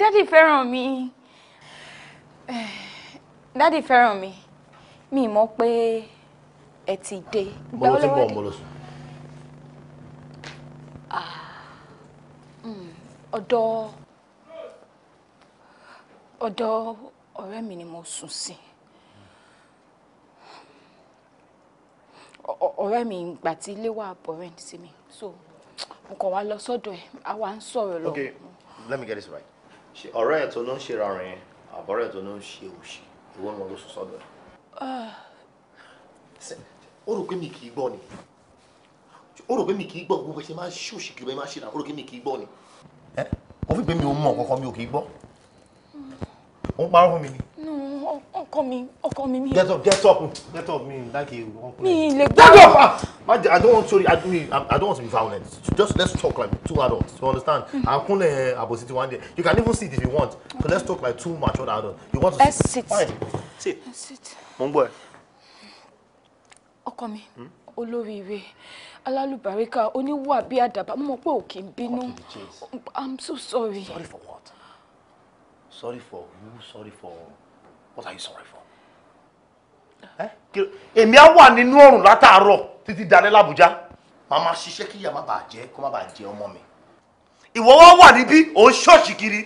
Daddy, fẹ́ràn mi dádì fẹ́ràn mi mi mọ̀ pé ẹ ti dé. mo lọ sí bọ̀ mo lọ sùn. Ah, hmm, ọ̀dọ̀ ọ̀dọ̀ ọ̀rẹ́ mi ni mo sùn sí ọ̀rẹ́ mi ìgbà tí ilé wà bọ̀rẹ̀ sí mi so mo kàn wá lọ sọ́dọ̀ ẹ̀ àwa ń sọ̀rọ̀ lọ. okay let me get this right ọ̀rẹ́ ẹ̀ tó mi kì í gbogbo ẹ̀ṣẹ̀ máa ń ṣe kiri bẹ́ẹ̀ máa ṣe rà ó rò pé mi kì í ni. ẹ ó fi pé mi ò mọ kankan mi ò kì í gbọ́ ó ń fún mi ni. ọkọ mi ọkọ mi mi. get up get up get up mi like you. mi ì lè get up ah. I don't want sorry, I, I don't want to be violent. Just let's talk like two adults. You understand? I'm Akunle Abositi one day. You can even sit if you want. Okay. So let's talk like two mature adults. You want to let's sit? Fine. Sit. Let's sit. Mongboy. Ọkọ mi, hmm? olóríire, alálùbáríkà, oníwà bí àdàbà, mo mọ̀ pé ò kì í bínú. I'm so sorry. Sorry for what? Sorry for you. Sorry for what are you sorry for? Ah. Eh? Èmi á wà nínú ọ̀run látàárọ̀ títí dalẹ́ làbújá màá máa ṣiṣẹ́ kí ìyá má bàa jẹ́ kó má bàa jẹ́ ọmọ mi. ìwọ wá wà níbí òun ṣọ́ọ̀ṣì kiri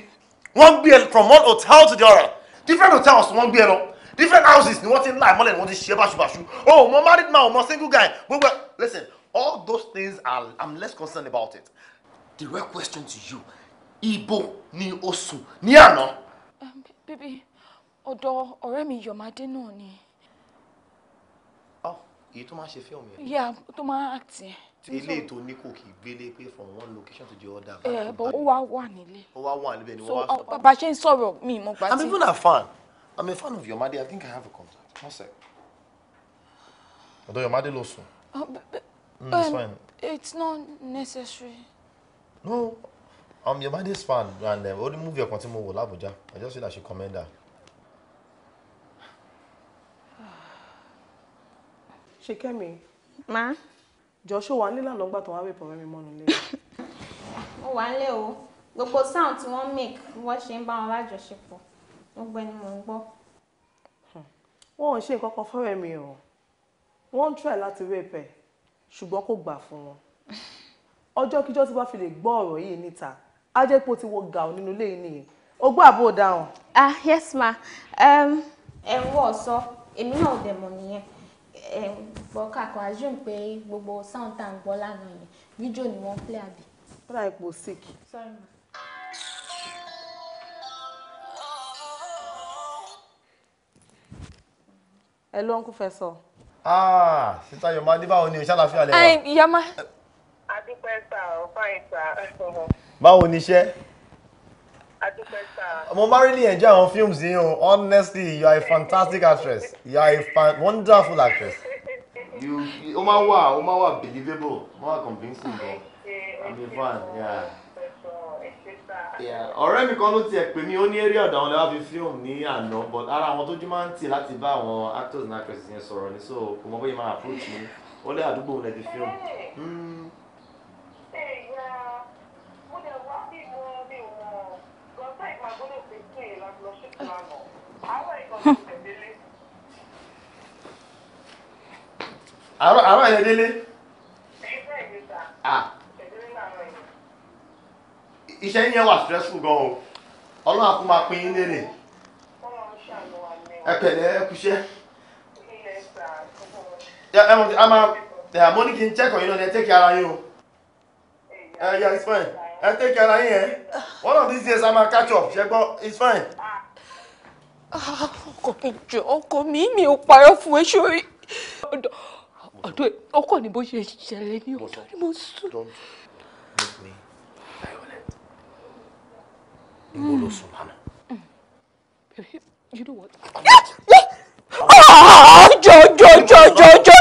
wọ́n gbé ẹ from one hotel to the other different hotels wọ́n gbé ẹ lọ different houses ni wọ́n ti ń láì mọ́lẹ̀ ni wọ́n ti ṣe báṣubàṣu oh mo married man o mo single guy gbogbo listen all those things are i'm less concerned about it the real question to you ibo ni o ni ní àná. bíbí ọ̀dọ̀ ọ̀rẹ́ mi Yọ̀mádé náà ni èyí tó máa ṣe fíìmù yẹn. yà tó máa act yẹn. ilé ètò ní kò kì í gbélé pé from one location to the other. ẹ eh, bọ ó wá wà nílé. ó wá wà níbẹ̀ ni wọ́n wá sọ. bàbá uh, ṣe ń sọ̀rọ̀ mi mo gbà tí. I'm even a fan I'm a fan of your Yomade I think I have a contact one sec. ọ̀dọ̀ Yomade ló sùn. Uh, mm, it's um, fine. It's not necessary. No, I'm your Yomade's fan and um, only movie ọ̀kan tí mo wò l'Abuja I just feel I she commend her. ṣe kẹ́mi. má. jọ ṣó wà nílẹ̀ lọ́gbà tó wá wẹ̀ pọ̀ mẹ́mi mọ́nu lé. mo wà ń lé o gbogbo sound tí wọ́n make wọ́n ṣe ń bá wọn lájọṣepọ̀ gbogbo ẹni mò ń gbọ́. wọn ò ṣe nǹkan kan fẹ́rẹ̀ mi o wọ́n ń try láti rape ẹ̀ ṣùgbọ́n kò gbà fún wọn ọjọ́ kíjọ́ tí wọ́n fi lè gbọ́ ọ̀rọ̀ yìí níta á jẹ́ pé ó ti wọ gàù nínú ilé yìí nìyẹn o gbọ́ àbó dáhùn. ah yes ma um, ẹ ń wọ̀ sọ èmi náà ò dẹ̀ mọ̀ nìyẹn bọ́ kàkọ́ assume pé gbogbo sound tá à ń gbọ́ lánàá yẹn fídíò ni wọ́n play àbí. ó dà ipò sick. ẹ ló ń kú fẹ́ sọ. sísá yọ̀mọ́ adébáwọ̀ ni òṣàlà fi àlẹ́ wa. yọ̀mọ́. adúpẹ́ sà ọ̀ fáyín sà. báwo ni iṣẹ́ mo really enjoy àwọn films yìí o honestly you are a fantastic actress you are a fan wonderful actress. you o ma wa o ma wa believable o ma convincing gan eh, eh, i'm a fan eh, yeah. Yeah. ọ̀rẹ́ mi kan ló tiẹ̀ pè mí ó ní eré ọ̀dọ̀ àwọn lẹ́wọ́ fi fíìmù ní àná but ara àwọn tójú máa ń tì láti bá àwọn actors and actresses yẹn sọ̀rọ̀ ní so kò mọ bóyá máa approach mi ó lé àdúgbò òun lẹ́ ti fíìmù. àárọ̀ àárọ̀ yẹn délé. Ah. iṣẹ́ yẹn wà stressful gan o ọlọ́run àkó máa pín in léèrè ẹ pẹ̀lẹ́ ẹ kúṣẹ́. ẹ mọ̀ a máa ẹ̀ àmọ́ ní kí n check on yín náà ẹ take ara yín o ẹ yẹ it's fine ẹ take ara yín ẹ one of these days a máa catch up ṣe gbọ́ it's fine. Ah, ọkọ mi jọ ọkọ mi mi ò parọ́ fún ẹ ṣórí ọ̀dọ̀ ọkọ ni bó ṣe ṣẹlẹ̀ ní ọ̀dọ̀ ni mo sùn. don't make me violent. níbo ló sùn lánàá. baby mm. you know what. jọjọjọjọjọ.